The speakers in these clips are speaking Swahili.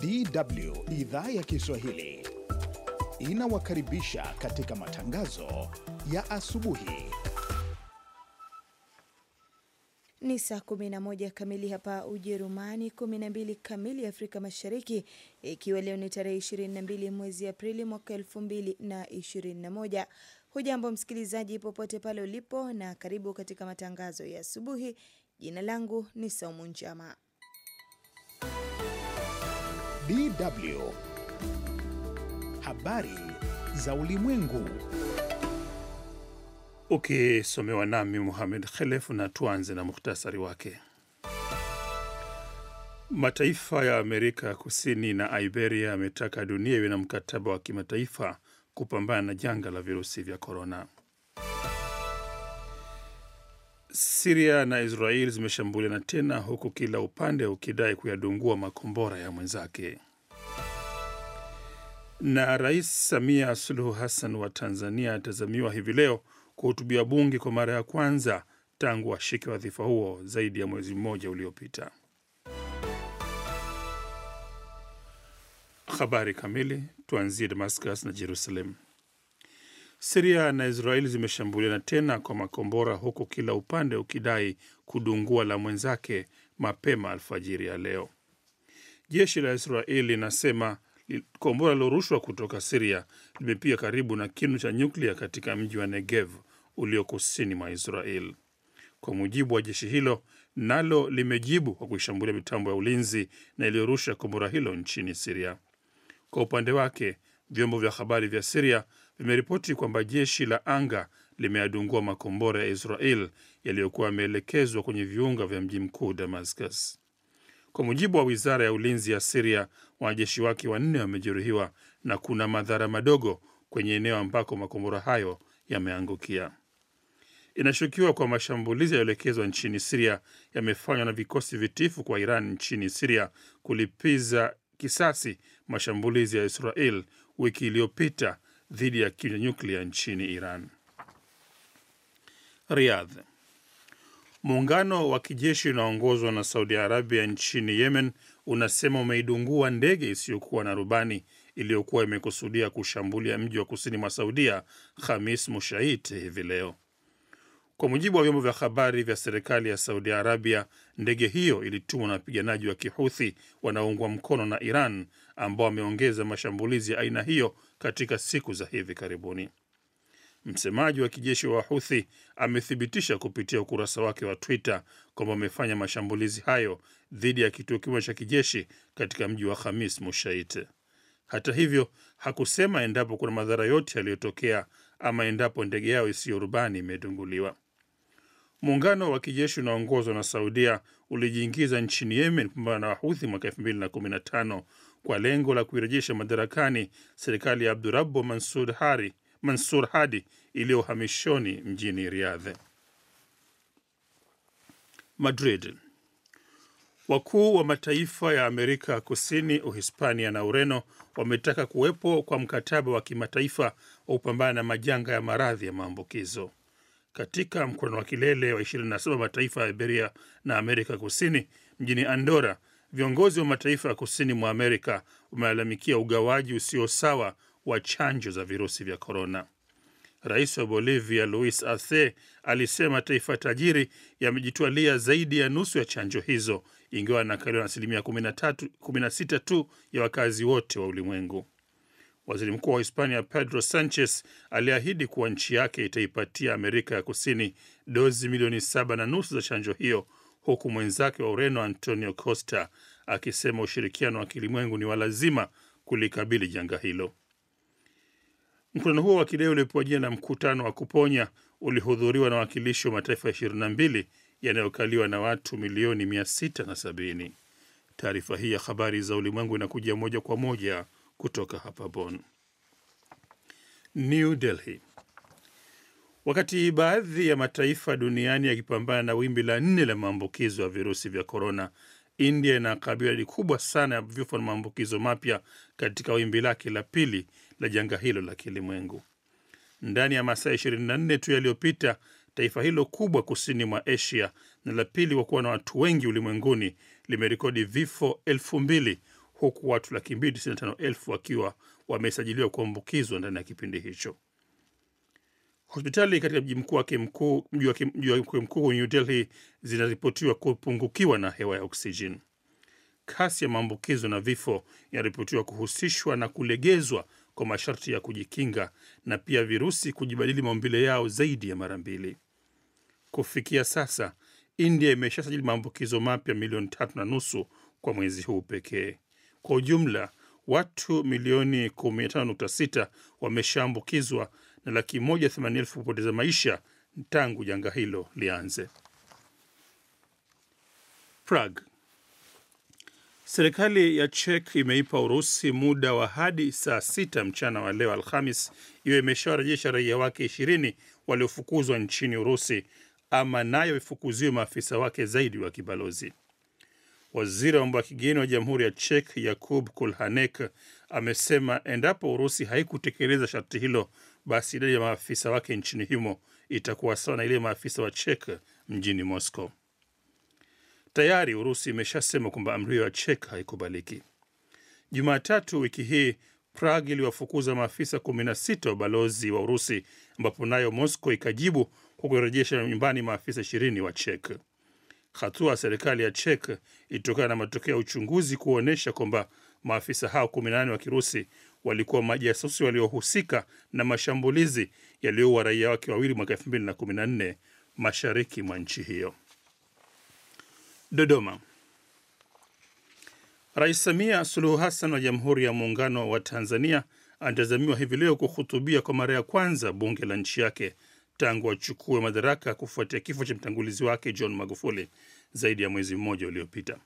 DW idhaa ya Kiswahili inawakaribisha katika matangazo ya asubuhi. Ni saa 11 kamili hapa Ujerumani, 12 kamili Afrika Mashariki, ikiwa leo ni tarehe 22 mwezi Aprili mwaka 2021. Hujambo msikilizaji, popote pale ulipo, na karibu katika matangazo ya asubuhi. Jina langu ni Saumu Njama DW. Habari za Ulimwengu. Ukisomewa okay, nami Muhamed Khelef, na tuanze na muhtasari wake. Mataifa ya Amerika Kusini na Iberia yametaka dunia iwe na mkataba wa kimataifa kupambana na janga la virusi vya korona. Siria na Israel zimeshambuliana tena huku kila upande ukidai kuyadungua makombora ya mwenzake. Na Rais Samia Suluhu Hassan wa Tanzania atazamiwa hivi leo kuhutubia bunge kwa mara ya kwanza tangu ashike wadhifa huo zaidi ya mwezi mmoja uliopita. Habari kamili tuanzie Damascus na Jerusalem. Siria na Israeli zimeshambuliana tena kwa makombora huku kila upande ukidai kudungua la mwenzake mapema alfajiri ya leo. Jeshi la Israeli linasema kombora lilorushwa kutoka Siria limepiga karibu na kinu cha nyuklia katika mji wa Negev ulio kusini mwa Israel. Kwa mujibu wa jeshi hilo, nalo limejibu kwa kuishambulia mitambo ya ulinzi na iliyorusha kombora hilo nchini Siria. Kwa upande wake, vyombo vya habari vya Siria limeripoti kwamba jeshi la anga limeadungua makombora ya Israel yaliyokuwa yameelekezwa kwenye viunga vya mji mkuu Damascus. Kwa mujibu wa wizara ya ulinzi ya Siria, wanajeshi wake wanne wamejeruhiwa na kuna madhara madogo kwenye eneo ambako makombora hayo yameangukia. Inashukiwa kwa mashambulizi yaliyoelekezwa nchini Siria yamefanywa na vikosi vitifu kwa Iran nchini Siria kulipiza kisasi mashambulizi ya Israel wiki iliyopita dhidi ya nyuklia nchini Iran. Riyadh. Muungano wa kijeshi unaoongozwa na Saudi Arabia nchini Yemen unasema umeidungua ndege isiyokuwa na rubani iliyokuwa imekusudia kushambulia mji wa kusini mwa Saudia Khamis Mushait hivi leo. Kwa mujibu wa vyombo vya habari vya serikali ya Saudi Arabia, ndege hiyo ilitumwa na wapiganaji wa Kihuthi wanaoungwa mkono na Iran ambao wameongeza mashambulizi ya aina hiyo katika siku za hivi karibuni. Msemaji wa kijeshi wa Wahuthi amethibitisha kupitia ukurasa wake wa Twitter kwamba wamefanya mashambulizi hayo dhidi ya kituo kimoja cha kijeshi katika mji wa Khamis Mushait. Hata hivyo, hakusema endapo kuna madhara yote yaliyotokea ama endapo ndege yao isiyo rubani imedunguliwa. Muungano wa kijeshi unaongozwa na Saudia ulijiingiza nchini Yemen kupambana na Wahuthi mwaka tano kwa lengo la kuirejesha madarakani serikali ya abdurabu Mansur Hari, Mansur Hadi iliyo uhamishoni mjini Riyadh. Madrid. Wakuu wa mataifa ya Amerika Kusini, Uhispania na Ureno wametaka kuwepo kwa mkataba wa kimataifa wa kupambana na majanga ya maradhi ya maambukizo katika mkutano wa kilele wa 27 mataifa ya Iberia na Amerika Kusini mjini andora viongozi wa mataifa ya kusini mwa Amerika wamelalamikia ugawaji usio sawa wa chanjo za virusi vya korona. Rais wa Bolivia Luis Arce alisema taifa tajiri yamejitwalia zaidi ya nusu ya chanjo hizo, ingiwa anakaliwa na asilimia 16 tu ya wakazi wote wa ulimwengu. Waziri mkuu wa Hispania Pedro Sanchez aliahidi kuwa nchi yake itaipatia Amerika ya Kusini dozi milioni saba na nusu za chanjo hiyo, huku mwenzake wa Ureno Antonio Costa akisema ushirikiano wa kilimwengu ni wa lazima kulikabili janga hilo. Mkutano huo wa kidai ulipewa jina la mkutano wa kuponya, ulihudhuriwa na wakilishi wa mataifa 22 yanayokaliwa na watu milioni 670. Taarifa hii ya habari za ulimwengu inakuja moja kwa moja kutoka hapa Bon. New Delhi. Wakati baadhi ya mataifa duniani yakipambana na wimbi la nne la maambukizo ya virusi vya korona, India inakabiliwa idadi kubwa sana ya vifo na maambukizo mapya katika wimbi lake la pili la janga hilo la kilimwengu. Ndani ya masaa 24 tu yaliyopita, taifa hilo kubwa kusini mwa Asia na la pili kwa kuwa na watu wengi ulimwenguni limerekodi vifo elfu mbili huku watu laki mbili tisini na tano elfu wakiwa wamesajiliwa kuambukizwa ndani ya kipindi hicho. Hospitali katika mji mkuu wake mkuu mji wake mkuu New Delhi zinaripotiwa kupungukiwa na hewa ya oksijen. Kasi ya maambukizo na vifo inaripotiwa kuhusishwa na kulegezwa kwa masharti ya kujikinga na pia virusi kujibadili maumbile yao zaidi ya mara mbili. Kufikia sasa, India imeshasajili maambukizo mapya milioni tatu na nusu kwa mwezi huu pekee. Kwa ujumla watu milioni 15.6 wameshaambukizwa na laki moja kupoteza maisha tangu janga hilo lianze. Prague. Serikali ya chek imeipa Urusi muda wa hadi saa sita mchana wa leo Alhamis iwe imeshawarejesha raia wake ishirini waliofukuzwa nchini Urusi ama nayo ifukuziwe maafisa wake zaidi wa kibalozi. Waziri wa mambo ya kigeni wa Jamhuri ya Czech Yakub Kulhanek amesema endapo Urusi haikutekeleza sharti hilo, basi idadi ya maafisa wake nchini humo itakuwa sawa na ile maafisa wa Czech mjini Moscow. Tayari Urusi imeshasema kwamba amri hiyo ya Czech haikubaliki. Jumatatu wiki hii Prague iliwafukuza maafisa 16 wa balozi wa Urusi, ambapo nayo Moscow ikajibu kwa kurejesha nyumbani maafisa 20 wa Czech hatua ya serikali ya chek ilitokana na matokeo ya uchunguzi kuonyesha kwamba maafisa hao 18 wa Kirusi walikuwa majasusi waliohusika na mashambulizi yaliyoua raia wake wawili mwaka 2014 mashariki mwa nchi hiyo. Dodoma. Rais Samia Suluhu Hassan wa Jamhuri ya Muungano wa Tanzania anatazamiwa hivi leo kuhutubia kwa mara ya kwanza bunge la nchi yake tangu achukue madaraka kufuatia kifo cha mtangulizi wake John Magufuli zaidi ya mwezi mmoja uliopita.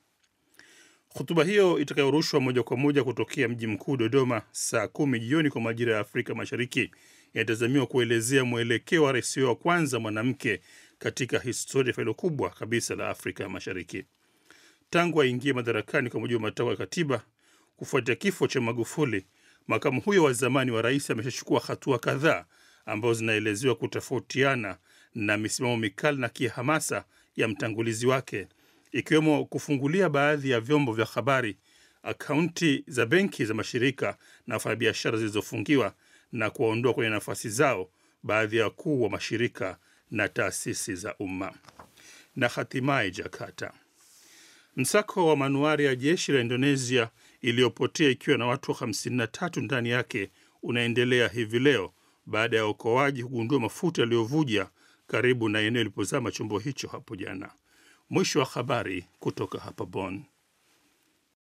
Hotuba hiyo itakayorushwa moja kwa moja kutokea mji mkuu Dodoma saa kumi jioni kwa majira ya Afrika Mashariki inatazamiwa kuelezea mwelekeo wa rais wa kwanza mwanamke katika historia ya taifa kubwa kabisa la Afrika Mashariki tangu aingie madarakani kwa mujibu wa matakwa ya katiba. Kufuatia kifo cha Magufuli, makamu huyo wa zamani wa rais ameshachukua hatua kadhaa ambazo zinaelezewa kutofautiana na misimamo mikali na kihamasa ya mtangulizi wake, ikiwemo kufungulia baadhi ya vyombo vya habari akaunti za benki za mashirika na wafanyabiashara zilizofungiwa na kuwaondoa kwenye nafasi zao baadhi ya wakuu wa mashirika na taasisi za umma. Na hatimaye Jakarta, msako wa manuari ya jeshi la Indonesia iliyopotea ikiwa na watu 53 ndani yake unaendelea hivi leo baada ya waokoaji kugundua mafuta yaliyovuja karibu na eneo ilipozama chombo hicho hapo jana. Mwisho wa habari kutoka hapa Bonn.